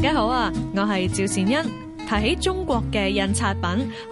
大家好啊，我係趙善恩。提起中國嘅印刷品，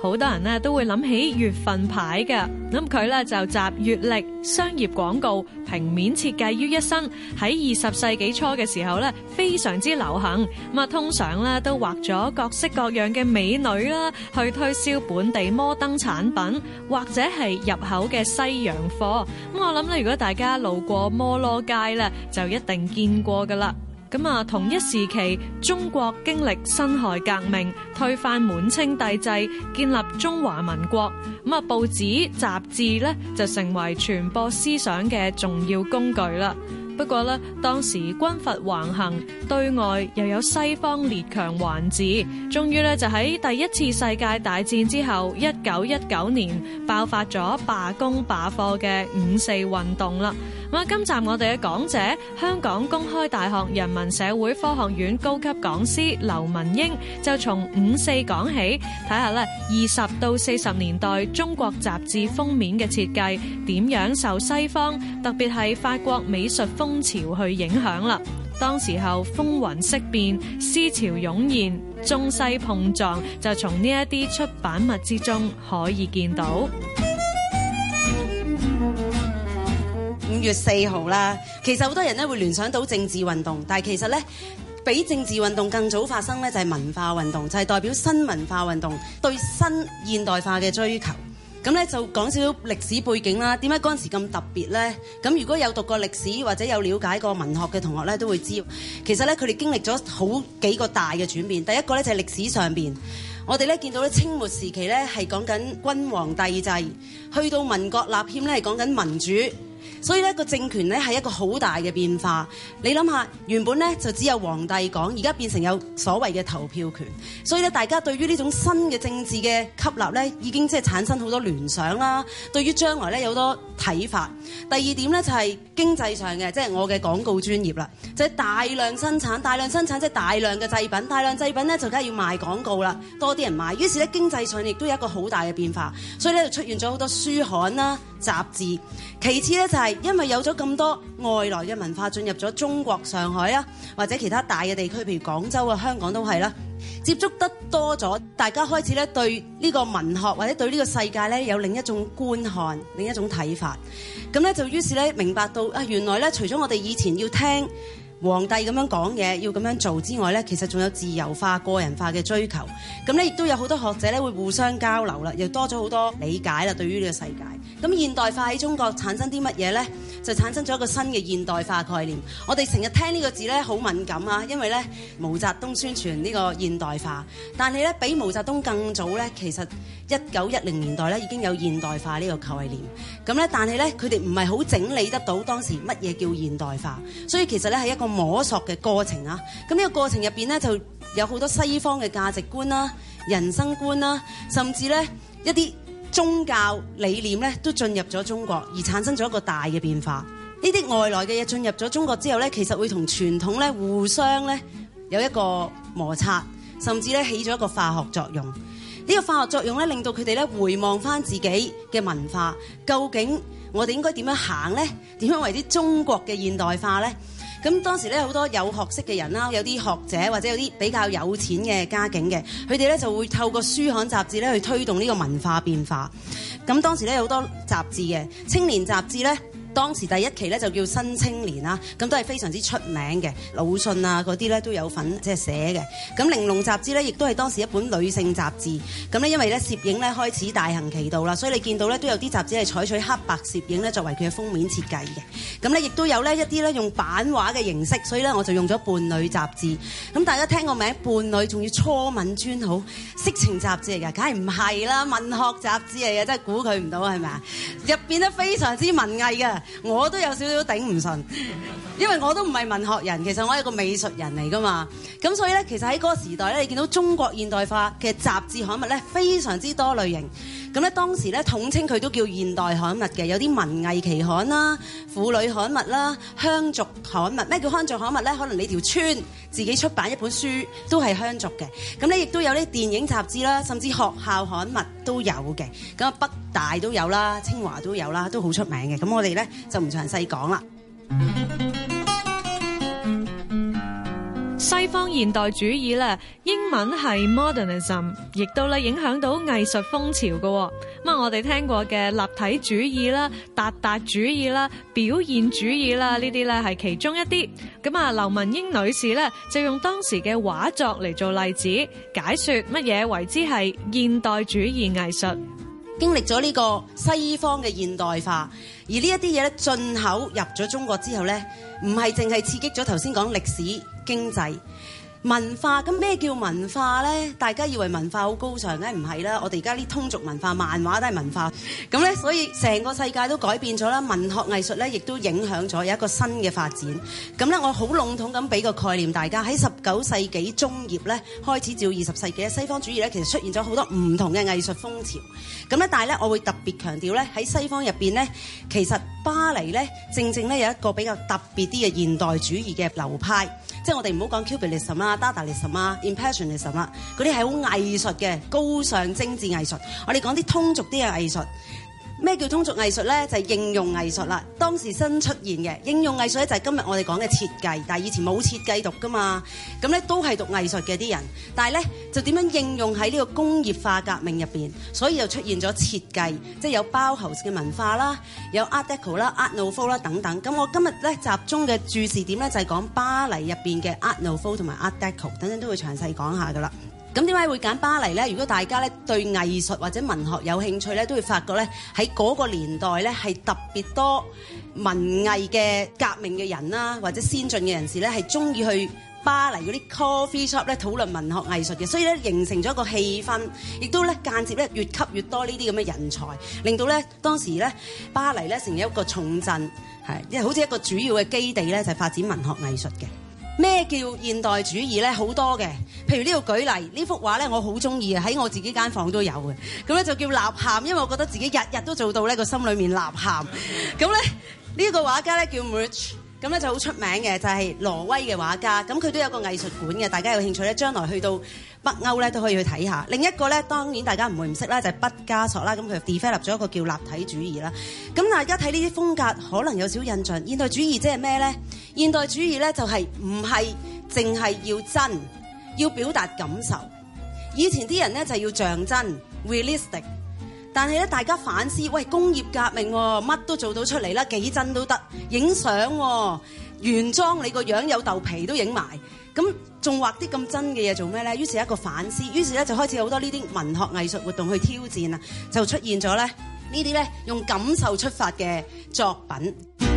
好多人咧都會諗起月份牌嘅。咁佢咧就集月曆、商業廣告、平面設計於一身。喺二十世紀初嘅時候咧，非常之流行。咁啊，通常咧都畫咗各式各樣嘅美女啦，去推銷本地摩登產品或者係入口嘅西洋貨。咁我諗咧，如果大家路過摩羅街咧，就一定見過噶啦。咁啊，同一時期，中國經歷辛亥革命，推翻滿清帝制，建立中華民國。咁啊，報紙雜誌呢就成為傳播思想嘅重要工具啦。不過呢，當時軍閥橫行，對外又有西方列強環伺，終於呢就喺第一次世界大戰之後，一九一九年爆發咗罷工罷課嘅五四運動啦。咁啊！今集我哋嘅講者，香港公開大學人文社會科學院高級講師劉文英，就從五四講起，睇下咧二十到四十年代中國雜誌封面嘅設計點樣受西方，特別係法國美術風潮去影響啦。當時候風雲色變，思潮湧現，中西碰撞，就從呢一啲出版物之中可以見到。月四號啦，其實好多人呢會聯想到政治運動，但係其實呢，比政治運動更早發生呢，就係文化運動，就係、是、代表新文化運動對新現代化嘅追求。咁呢，就講少少歷史背景啦，點解嗰陣時咁特別呢？咁如果有讀過歷史或者有了解過文學嘅同學呢，都會知道其實呢，佢哋經歷咗好幾個大嘅轉變。第一個呢，就係歷史上邊，我哋呢，見到呢清末時期呢，係講緊君王帝制，去到民國立憲呢，係講緊民主。所以呢個政權呢係一個好大嘅變化，你想想，你諗下原本呢就只有皇帝講，而家變成有所謂嘅投票權，所以呢，大家對於呢種新嘅政治嘅吸納呢，已經即係產生好多聯想啦。對於將來呢，有好多睇法。第二點呢，就係經濟上嘅，即係我嘅廣告專業啦，就係大量生產，大量生產即係大量嘅製品，大量製品呢，就梗係要賣廣告啦，多啲人買。於是呢經濟上亦都有一個好大嘅變化，所以呢，就出現咗好多書刊啦。雜誌，其次咧就係因為有咗咁多外來嘅文化進入咗中國上海啊，或者其他大嘅地區，譬如廣州啊、香港都係啦，接觸得多咗，大家開始咧對呢個文學或者對呢個世界咧有另一種觀看、另一種睇法，咁咧就於是咧明白到啊，原來咧除咗我哋以前要聽。皇帝咁樣講嘢要咁樣做之外呢，其實仲有自由化、個人化嘅追求。咁呢亦都有好多學者咧會互相交流啦，又多咗好多理解啦。對於呢個世界，咁現代化喺中國產生啲乜嘢呢？就產生咗一個新嘅現代化概念。我哋成日聽呢個字呢，好敏感啊，因為呢，毛澤東宣傳呢個現代化，但係呢，比毛澤東更早呢，其實一九一零年代呢已經有現代化呢個概念。咁呢，但係呢，佢哋唔係好整理得到當時乜嘢叫現代化，所以其實呢，係一個摸索嘅過程啊，咁呢個過程入邊呢，就有好多西方嘅價值觀啦、人生觀啦，甚至呢一啲宗教理念呢，都進入咗中國而產生咗一個大嘅變化。呢啲外來嘅嘢進入咗中國之後呢，其實會同傳統呢互相呢有一個摩擦，甚至呢起咗一個化學作用。呢個化學作用呢，令到佢哋呢回望翻自己嘅文化，究竟我哋應該點樣行呢？點樣為啲中國嘅現代化呢？咁當時呢有好多有學識嘅人啦，有啲學者或者有啲比較有錢嘅家境嘅，佢哋呢就會透過書刊雜誌呢去推動呢個文化變化。咁當時呢有好多雜誌嘅，《青年雜誌》呢。當時第一期呢就叫《新青年》啦，咁都係非常之出名嘅，魯迅啊嗰啲咧都有份即係寫嘅。咁《玲瓏雜誌》咧亦都係當時一本女性雜誌。咁咧因為咧攝影咧開始大行其道啦，所以你見到咧都有啲雜誌係採取黑白攝影咧作為佢嘅封面設計嘅。咁咧亦都有咧一啲咧用版畫嘅形式，所以咧我就用咗《伴侶雜誌》。咁大家聽個名，《伴侶》仲要初吻專號，色情雜誌嚟㗎。梗係唔係啦？文學雜誌嚟嘅，真係估佢唔到係咪啊？入邊咧非常之文藝㗎。我都有少少頂唔順，因為我都唔係文學人，其實我係個美術人嚟㗎嘛，咁所以咧，其實喺嗰個時代咧，你見到中國現代化嘅雜誌刊物咧，非常之多類型。咁咧當時咧統稱佢都叫現代刊物嘅，有啲文藝期刊啦、婦女刊物啦、鄉族刊物。咩叫鄉族刊物呢？可能你條村自己出版一本書都係鄉族嘅。咁你亦都有啲電影雜誌啦，甚至學校刊物都有嘅。咁北大都有啦，清華都有啦，都好出名嘅。咁我哋呢，就唔詳細講啦。西方現代主義咧，英文係 modernism，亦都咧影響到藝術風潮㗎。咁啊，我哋聽過嘅立體主義啦、達達主義啦、表現主義啦，呢啲咧係其中一啲。咁啊，劉文英女士咧就用當時嘅畫作嚟,做例子，解說乜嘢為之係現代主義藝術。經歷咗呢個西方嘅現代化，而呢一啲嘢咧進口入咗中國之後咧，唔係淨係刺激咗頭先講歷史經濟文化，咁咩叫文化呢？大家以為文化好高尚，梗係唔係啦？我哋而家啲通俗文化、漫畫都係文化咁咧，所以成個世界都改變咗啦。文學藝術咧，亦都影響咗有一個新嘅發展咁咧。我好籠統咁俾個概念大家，喺十九世紀中葉咧開始，照二十世紀嘅西方主義咧，其實出現咗好多唔同嘅藝術風潮咁咧。但係咧，我會特別強調咧喺西方入面咧，其實巴黎咧正正咧有一個比較特別啲嘅現代主義嘅流派。即係我哋唔好講 cubism 啊、Dadaism 啊、impressionism 啦，嗰啲係好藝術嘅、高尚精緻藝術。我哋講啲通俗啲嘅藝術。咩叫通俗藝術呢？就係、是、應用藝術啦。當時新出現嘅應用藝術呢，就係今日我哋講嘅設計，但以前冇設計讀㗎嘛。咁呢都係讀藝術嘅啲人，但係咧就點樣應用喺呢個工業化革命入面，所以就出現咗設計，即係有包豪斯嘅文化啦，有 Art Deco 啦、Art Nouveau 啦等等。咁我今日呢集中嘅注視點呢，就係、是、講巴黎入面嘅 Art Nouveau 同埋 Art Deco 等等都會詳細講下㗎啦。咁點解會揀巴黎咧？如果大家咧對藝術或者文學有興趣咧，都會發覺咧喺嗰個年代咧係特別多文藝嘅革命嘅人啦，或者先進嘅人士咧係中意去巴黎嗰啲 coffee shop 咧討論文學藝術嘅，所以咧形成咗一個氣氛，亦都咧間接咧越吸越多呢啲咁嘅人才，令到咧當時咧巴黎咧成為一個重鎮，係，即係好似一個主要嘅基地咧，就係發展文學藝術嘅。咩叫現代主義咧？好多嘅，譬如呢個舉例，呢幅畫咧，我好中意嘅，喺我自己間房都有嘅。咁咧就叫吶喊，因為我覺得自己日日都做到咧，個心裏面吶喊。咁咧呢、呢個畫家咧叫 Munch。咁呢就好出名嘅就係挪威嘅畫家，咁佢都有個藝術館嘅，大家有興趣呢，將來去到北歐呢都可以去睇下。另一個呢，當然大家唔會唔識啦，就畢加索啦，咁佢 develop 咗一個叫立體主義啦。咁大家睇呢啲風格，可能有少少印象。現代主義即係咩呢？現代主義呢，就係唔係淨係要真，要表達感受。以前啲人呢，就要像真，realistic。但係咧，大家反思，喂，工業革命乜、啊、都做到出嚟啦，幾真都得，影相、啊、原裝你個樣有豆皮都影埋，咁仲畫啲咁真嘅嘢做咩咧？於是一個反思，於是咧就開始有好多呢啲文學藝術活動去挑戰啊，就出現咗咧呢啲咧用感受出發嘅作品。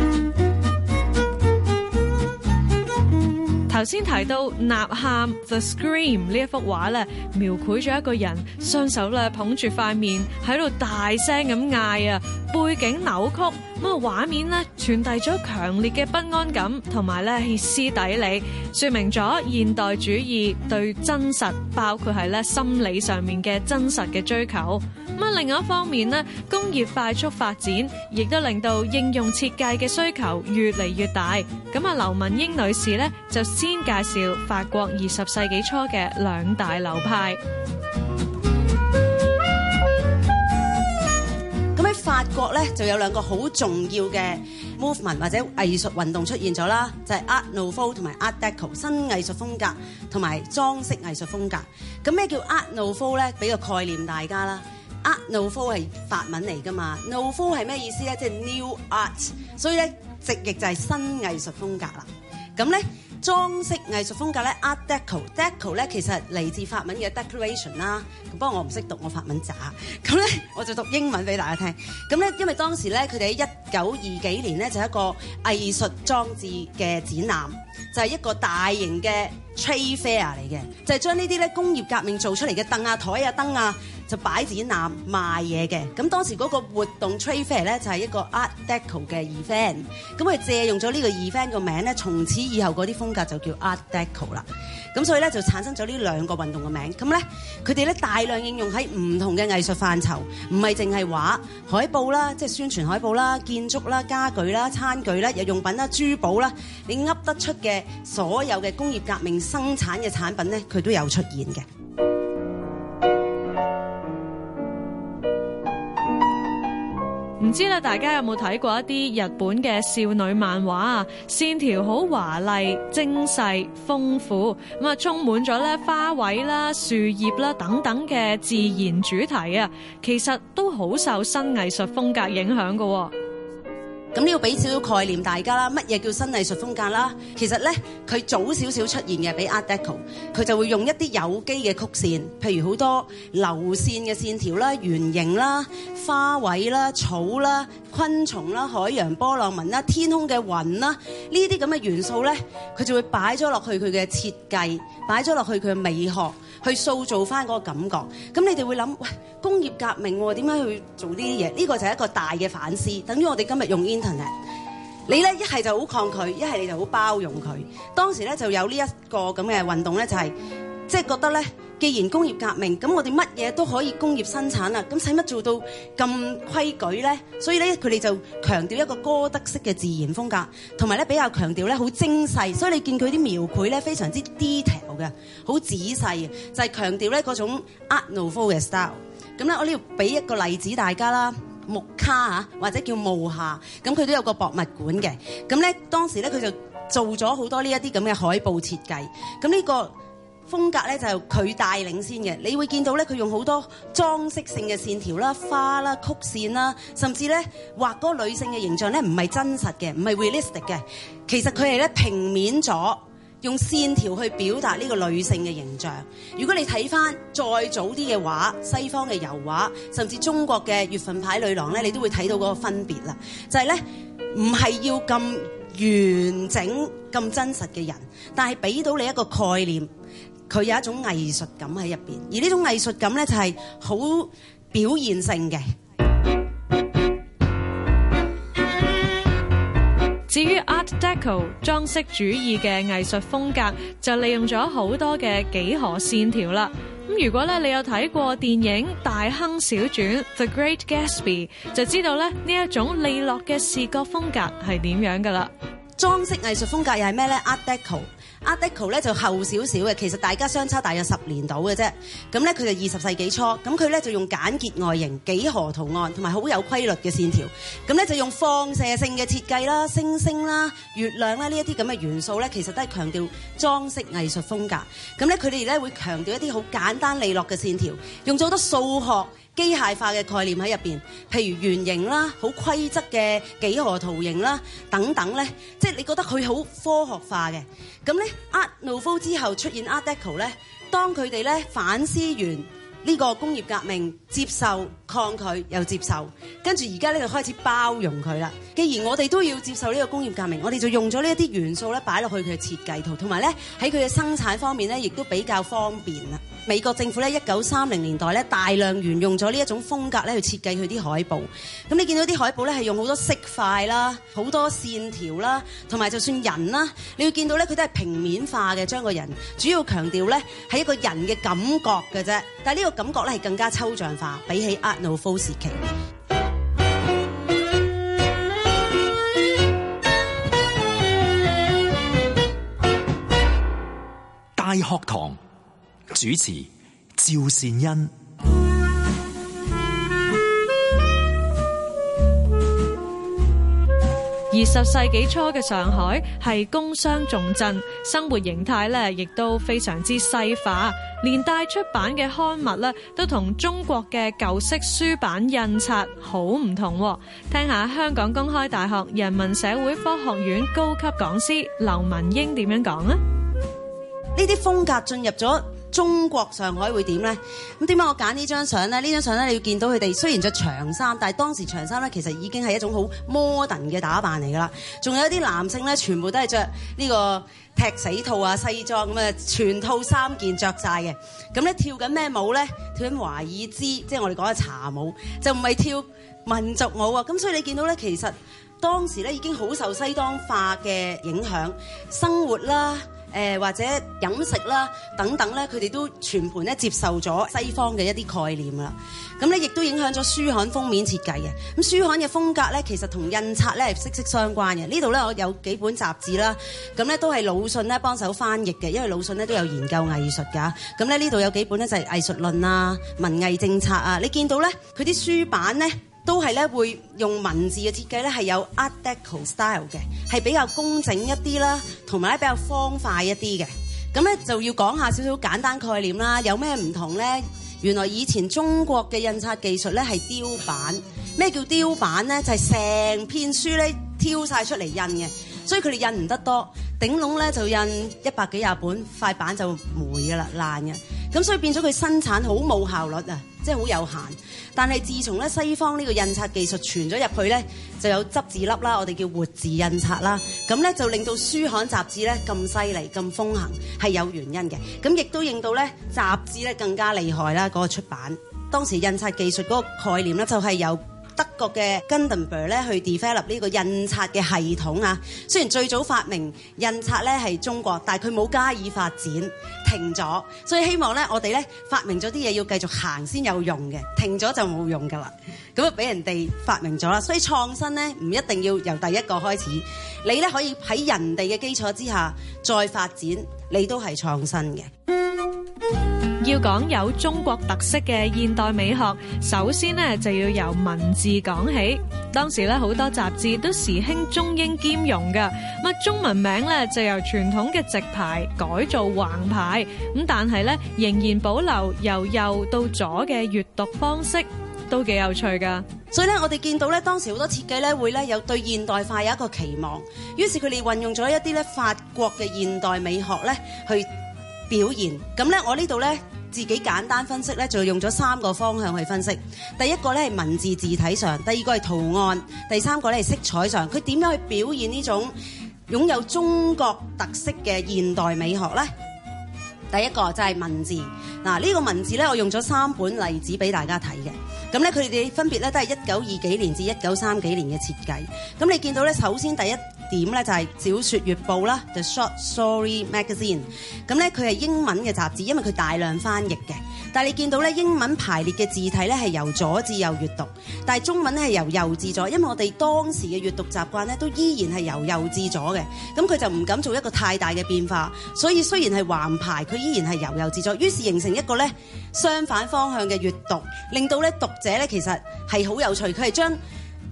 頭先提到吶喊 The Scream 呢一幅畫咧，描繪咗一個人雙手咧捧住塊面喺度大聲咁嗌啊！背景扭曲，咁啊畫面咧傳遞咗強烈嘅不安感，同埋咧歇斯底里，說明咗現代主義對真實，包括係咧心理上面嘅真實嘅追求。咁啊另外一方面咧，工業快速發展，亦都令到應用設計嘅需求越嚟越大。咁啊，劉文英女士咧就先介紹法國二十世紀初嘅兩大流派。法國咧就有兩個好重要嘅 movement 或者藝術運動出現咗啦，就係 Art Nouveau 同埋 Art Deco，新藝術風格同埋裝飾藝術風格。咁咩叫 Art Nouveau 咧？俾個概念大家啦，Art Nouveau 係法文嚟噶嘛，Nouveau 係咩意思咧？即係 New Art，所以咧直譯就係新藝術風格啦。咁咧。裝飾藝術風格呢，Art Deco，Deco 呢其實嚟自法文嘅 decoration 啦。不過我唔識讀，我法文渣。咁呢，我就讀英文俾大家聽。咁呢，因為當時呢，佢哋喺一九二幾年呢，就係、一個藝術裝置嘅展覽，就係、是、一個大型嘅 Trade Fair 嚟嘅，就係將呢啲呢工業革命做出嚟嘅凳啊、台啊、燈啊，就擺展覽賣嘢嘅，咁當時嗰個活動 trade fair 咧就係一個 art deco 嘅 event，咁佢借用咗呢個 event 個名咧，從此以後嗰啲風格就叫 art deco 啦。咁所以咧就產生咗呢兩個運動嘅名。咁咧佢哋咧大量應用喺唔同嘅藝術範疇，唔係淨係畫海報啦，即係宣傳海報啦、建築啦、家具啦、餐具啦、日用品啦、珠寶啦，你噏得出嘅所有嘅工業革命生產嘅產品咧，佢都有出現嘅。唔知咧，大家有冇睇過一啲日本嘅少女漫畫啊？線條好華麗、精細、豐富，咁啊充滿咗咧花卉啦、樹葉啦等等嘅自然主題啊，其實都好受新藝術風格影響嘅。咁呢個俾少少概念大家啦，乜嘢叫新藝術風格啦？其實呢，佢早少少出現嘅，比 Art Deco，佢就會用一啲有機嘅曲線，譬如好多流線嘅線條啦、圓形啦、花卉啦、草啦、昆蟲啦、海洋波浪紋啦、天空嘅雲啦，呢啲咁嘅元素呢，佢就會擺咗落去佢嘅設計，擺咗落去佢嘅美學。去塑造返嗰個感覺，咁你哋會諗喂，工業革命喎，啊，點樣去做呢啲嘢？呢、呢個就係一個大嘅反思，等於我哋今日用 Internet，你呢一係就好抗拒，一係你就好包容佢。當時呢就有呢一個咁嘅運動呢，就係即係覺得呢。既然工業革命咁，我哋乜嘢都可以工業生產啦，咁使乜做到咁規矩咧？所以咧，佢哋就強調一個哥德式嘅自然風格，同埋咧比較強調咧好精細，所以你見佢啲描繪咧非常之 detail 嘅，好仔細嘅，就係強調咧嗰種 art nouveau 嘅 style。咁咧，我呢度俾一個例子大家啦，木卡啊或者叫慕夏，咁佢都有個博物館嘅。咁咧當時咧佢就做咗好多呢一啲咁嘅海報設計。咁呢個風格咧就係佢帶領先嘅，你會見到咧，佢用好多裝飾性嘅線條啦、花啦、曲線啦，甚至咧畫嗰個女性嘅形象咧，唔係真實嘅，唔係 realistic 嘅。其實佢係咧平面咗，用線條去表達呢個女性嘅形象。如果你睇翻再早啲嘅話，西方嘅油畫，甚至中國嘅月份牌女郎咧，你都會睇到嗰個分別啦。就係咧，唔係要咁完整、咁真實嘅人，但係俾到你一個概念。佢有一種藝術感喺入邊，而呢種藝術感咧就係好表現性嘅。至於 Art Deco 裝飾主義嘅藝術風格，就利用咗好多嘅幾何線條啦。咁如果咧你有睇過電影《大亨小傳》The Great Gatsby，就知道咧呢一種利落嘅視覺風格係點樣噶啦。裝飾藝術風格又係咩咧？Art Deco。Art Deco 咧就厚少少嘅，其實大家相差大約十年到嘅啫。咁呢，佢就二十世紀初，咁佢呢，就用簡潔外形、幾何圖案同埋好有規律嘅線條。咁呢，就用放射性嘅設計啦、星星啦、月亮啦呢啲咁嘅元素呢，其實都係強調裝飾藝術風格。咁呢，佢哋呢，會強調一啲好簡單利落嘅線條，用咗好多數學。機械化嘅概念喺入面，譬如圓形啦、好規則嘅幾何圖形啦等等咧，即係你覺得佢好科學化嘅。咁咧，Art Nouveau 之後出現 Art Deco 咧，當佢哋咧反思完呢個工業革命，接受抗拒又接受，跟住而家咧就開始包容佢啦。既然我哋都要接受呢個工業革命，我哋就用咗呢一啲元素咧擺落去佢嘅設計圖，同埋咧喺佢嘅生產方面咧，亦都比較方便啦。美國政府咧一九三零年代咧大量沿用咗呢一種風格咧去設計佢啲海報。咁你見到啲海報咧係用好多色塊啦、好多線條啦，同埋就算人啦，你會見到咧佢都係平面化嘅，將個人主要強調咧係一個人嘅感覺嘅啫。但係呢個感覺咧係更加抽象化，比起 Art Nouveau 時期大學堂。主持趙善恩。二十世紀初嘅上海係工商重鎮，生活形態咧亦都非常之西化，連帶出版嘅刊物咧都同中國嘅舊式書版印刷好唔同。聽下香港公開大學人文社會科學院高級講師劉文英點樣講啊。呢啲風格進入咗。中國上海會點咧？咁點解我揀呢張相咧？呢張相咧，你要見到佢哋雖然着長衫，但係當時長衫咧其實已經係一種好 modern 嘅打扮嚟噶啦。仲有啲男性咧，全部都係着呢個踢死兔啊、西裝咁啊，全套三件着晒嘅。咁咧跳緊咩舞咧？跳緊華爾茲，即係我哋講嘅茶舞，就唔係跳民族舞啊。咁所以你見到咧，其實當時咧已經好受西方化嘅影響，生活啦。或者飲食啦等等咧，佢哋都全盤咧接受咗西方嘅一啲概念啦。咁咧亦都影響咗書刊封面設計嘅。咁書刊嘅風格咧，其實同印刷咧係息息相關嘅。呢度咧我有幾本雜誌啦，咁咧都係魯迅咧幫手翻譯嘅，因為魯迅咧都有研究藝術㗎。咁咧呢度有幾本咧就係藝術論啊、文藝政策啊，你見到咧佢啲書版咧。都係咧會用文字嘅設計咧係有 Art Deco style 嘅，係比較工整一啲啦，同埋咧比較方塊一啲嘅。咁咧就要講下少少簡單概念啦。有咩唔同呢？原來以前中國嘅印刷技術咧係雕版。咩叫雕版呢？就係、是、成篇書咧挑晒出嚟印嘅，所以佢哋印唔得多。頂籠就印一百幾廿本，塊板就冇嘅啦，爛嘅。咁所以變咗佢生產好冇效率啊，即係好有限。但係自從咧西方呢個印刷技術傳咗入去呢，就有執字粒啦，我哋叫活字印刷啦。咁呢，就令到書刊雜誌呢咁犀利、咁風行係有原因嘅。咁亦都令到呢雜誌呢更加厲害啦，嗰、嗰個出版當時印刷技術嗰個概念呢，就係有。德國嘅 Gutenberg 咧去 develop 呢個印刷嘅系統啊，雖然最早發明印刷咧係中國，但係佢冇加以發展，停咗。所以希望咧，我哋咧發明咗啲嘢要繼續行先有用嘅，停咗就冇用㗎啦。咁啊俾人哋發明咗啦，所以創新咧唔一定要由第一個開始，你咧可以喺人哋嘅基礎之下再發展，你都係創新嘅。要講有中國特色嘅現代美學，首先呢就要由文字講起。當時呢好多雜誌都時興中英兼容噶咁中文名呢就由傳統嘅直排改做橫排，咁但係呢仍然保留由右到左嘅閱讀方式，都幾有趣噶。所以呢，我哋見到呢當時好多設計呢會呢有對現代化有一個期望，於是佢哋運用咗一啲呢法國嘅現代美學呢去表現。咁呢，我呢度呢，自己簡單分析呢，就用咗三個方向去分析。第一個呢係文字字體上，第二個係圖案，第三個呢係色彩上。佢點樣去表現呢種擁有中國特色嘅現代美學呢？第一個就係文字。嗱，呢個文字呢，我用咗三本例子畀大家睇嘅。咁咧佢哋分別咧都係一九二幾年至一九三幾年嘅設計。咁你見到咧，首先第一點咧就係《小説月報》啦，《The Short Story Magazine》。咁咧佢係英文嘅雜誌，因為佢大量翻譯嘅。但係你見到咧，英文排列嘅字體咧係由左至右閱讀，但係中文咧係由右至左，因為我哋當時嘅閱讀習慣咧都依然係由右至左嘅。咁佢就唔敢做一個太大嘅變化，所以雖然係橫排，佢依然係由右至左，於是形成一個咧相反方向嘅閱讀，令到咧讀。者咧其實係好有趣，佢係將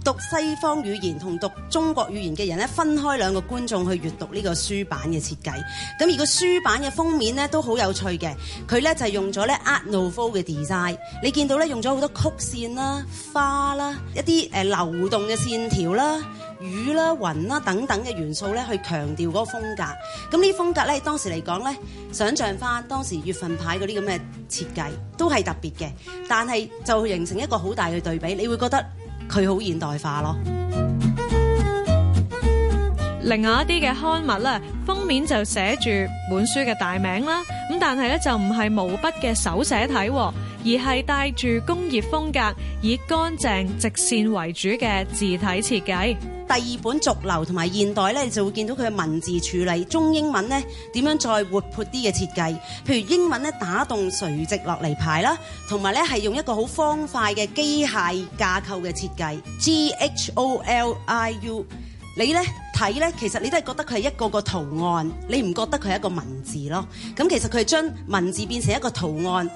讀西方語言同讀中國語言嘅人咧，分開兩個觀眾去閱讀呢個書版嘅設計。咁而個書版嘅封面咧都好有趣嘅，佢咧就係用咗咧 Art Nouveau 嘅 design。你見到咧用咗好多曲線啦、花啦、一啲誒流動嘅線條啦。雨啦、雲啦等等嘅元素咧，去強調嗰個風格。咁呢啲風格咧，當時嚟講咧，想象翻當時月份牌嗰啲咁嘅設計，都係特別嘅。但係就形成一個好大嘅對比，你會覺得佢好現代化咯。另外一啲嘅刊物咧，封面就寫住本書嘅大名啦。咁但係咧，就唔係毛筆嘅手寫體。而係帶住工業風格，以乾淨直線為主嘅字體設計。第二本俗流同埋現代咧，你就會見到佢嘅文字處理中英文咧點樣再活潑啲嘅設計。譬如英文咧打動垂直落嚟排啦，同埋咧係用一個好方塊嘅機械架構嘅設計。G H O L I U，你咧睇咧，其實你都係覺得佢係一個個圖案，你唔覺得佢係一個文字咯？咁其實佢係將文字變成一個圖案。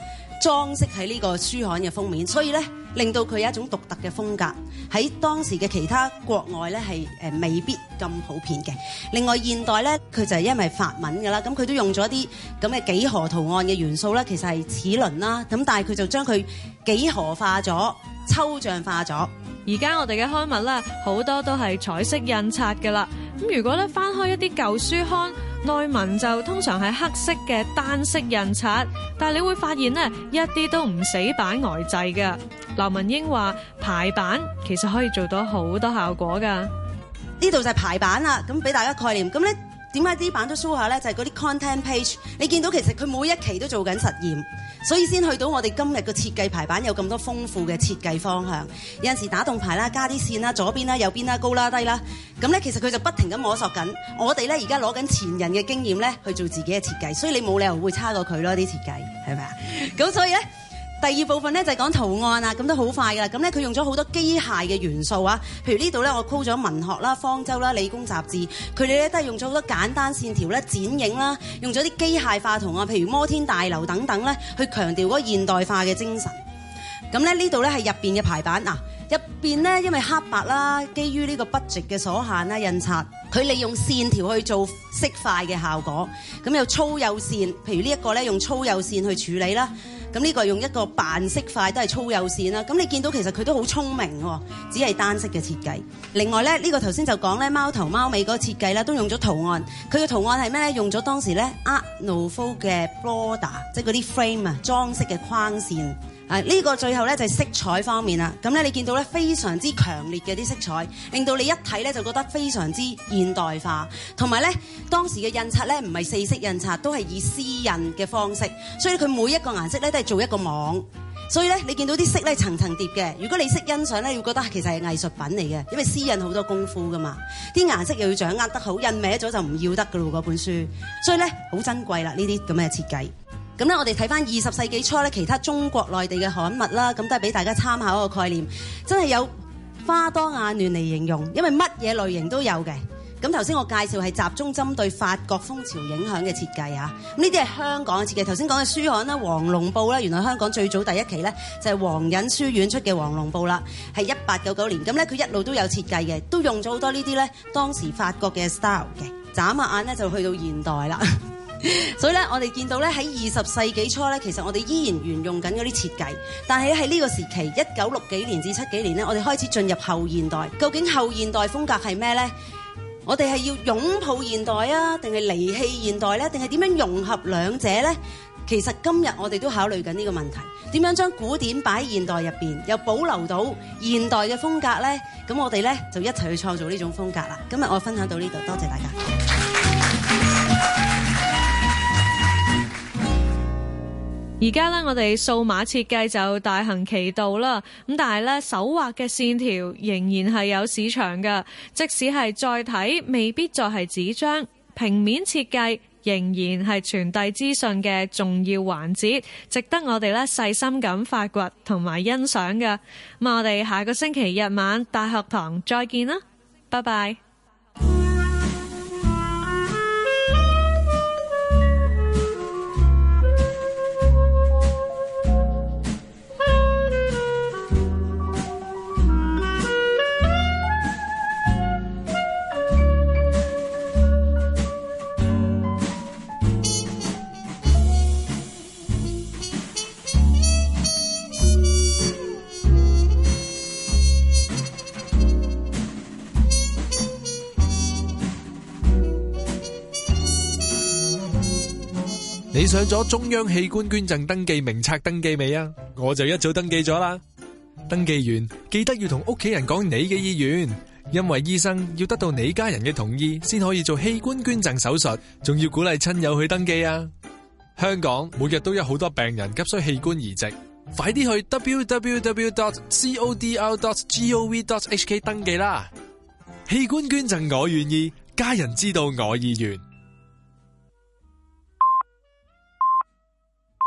裝飾喺呢個書刊嘅封面，所以咧令到佢有一種獨特嘅風格，喺當時嘅其他國外咧係誒未必咁普遍嘅。另外現代咧，佢就係因為法文噶啦，咁佢都用咗啲咁嘅幾何圖案嘅元素啦，其實係齒輪啦，咁但係佢就將佢幾何化咗、抽象化咗。而家我哋嘅刊物咧，好多都係彩色印刷㗎啦。咁如果咧翻開一啲舊書刊。內文就通常係黑色嘅單色印刷，但係你會發現咧一啲都唔死板呆滯噶。劉文英話排版其實可以做到好多效果噶，呢度就係排版啦，咁俾大家概念，咁咧。點解啲版都 show 下咧？就係嗰啲 content page，你見到其實佢每一期都做緊實驗，所以先去到我哋今日嘅設計排版有咁多豐富嘅設計方向。有陣時打動排啦，加啲線啦，左邊啦，右邊啦，高啦，低啦。咁咧其實佢就不停咁摸索緊。我哋咧而家攞緊前人嘅經驗咧去做自己嘅設計，所以你冇理由會差過佢咯啲設計，係咪啊？咁所以咧。第二部分呢，就講圖案啊，咁都好快㗎啦。咁呢，佢用咗好多機械嘅元素啊，譬如呢度呢，我鋪咗文學啦、方舟啦、理工雜誌，佢哋呢都係用咗好多簡單線條啦、剪影啦，用咗啲機械化圖案啊，譬如摩天大樓等等呢，去強調嗰個現代化嘅精神。咁呢呢度呢係入面嘅排版啊，入面呢，因為黑白啦，基於呢個筆直嘅所限啦，印刷佢利用線條去做色塊嘅效果。咁有粗幼線，譬如呢一個呢，用粗幼線去處理啦。咁、這、呢個用一個半色塊都係粗有線啦。咁你見到其實佢都好聰明喎，只係單色嘅設計。另外呢，呢個頭先就講呢貓頭貓尾嗰個設計啦，都用咗圖案。佢嘅圖案係咩咧？用咗當時呢 Art Nouveau 嘅 border，即嗰啲 frame 啊，裝飾嘅框線。呢個最後呢，就係色彩方面啦，咁呢，你見到呢非常之強烈嘅啲色彩，令到你一睇呢，就覺得非常之現代化，同埋呢，當時嘅印刷呢，唔係四色印刷，都係以絲印嘅方式，所以佢每一個顏色呢，都係做一個網，所以呢，你見到啲色呢層層疊嘅。如果你識欣賞呢，要覺得其實係藝術品嚟嘅，因為絲印好多功夫㗎嘛，啲顏色又要掌握得好，印歪咗就唔要得㗎啦喎嗰本書，所以呢，好珍貴啦呢啲咁嘅設計。咁咧，我哋睇翻二十世紀初咧，其他中國內地嘅刊物啦，咁都係俾大家參考一個概念，真係有花多眼亂嚟形容，因為乜嘢類型都有嘅。咁頭先我介紹係集中針對法國風潮影響嘅設計啊，咁呢啲係香港嘅設計。頭先講嘅書刊啦、黃龍報啦，原來香港最早第一期咧就係皇仁書院出嘅黃龍報啦，係一八九九年。咁咧佢一路都有設計嘅，都用咗好多呢啲咧當時法國嘅 style 嘅，眨下眼咧就去到現代啦。 所以咧，我哋見到咧，喺二十世紀初咧，其實我哋依然沿用緊嗰啲設計，但係喺呢個時期一九六幾年至七幾年咧，我哋開始進入後現代。究竟後現代風格係咩呢？我哋係要擁抱現代啊，定係離棄現代呢？定係點樣融合兩者呢？其實今日我哋都考慮緊呢個問題，點樣將古典擺現代入邊，又保留到現代嘅風格呢？咁我哋呢，就一齊去創造呢種風格啦。今日我分享到呢度，多謝大家。而家咧，我哋數碼設計就大行其道啦。咁但係咧，手畫嘅線條仍然係有市場㗎，即使係再睇，未必再係紙張。平面設計仍然係傳遞資訊嘅重要環節，值得我哋咧細心咁發掘同埋欣賞㗎。咁我哋下個星期日晚大學堂再見啦，拜拜。上咗中央器官捐贈登記名冊登記未啊？我就一早登記咗啦。登記完記得要同屋企人講你嘅意願，因為醫生要得到你家人嘅同意先可以做器官捐贈手術。仲要鼓勵親友去登記啊！香港每日都有好多病人急需器官移植，快啲去 www.codr.gov.hk 登記啦！器官捐贈我願意，家人知道我意願。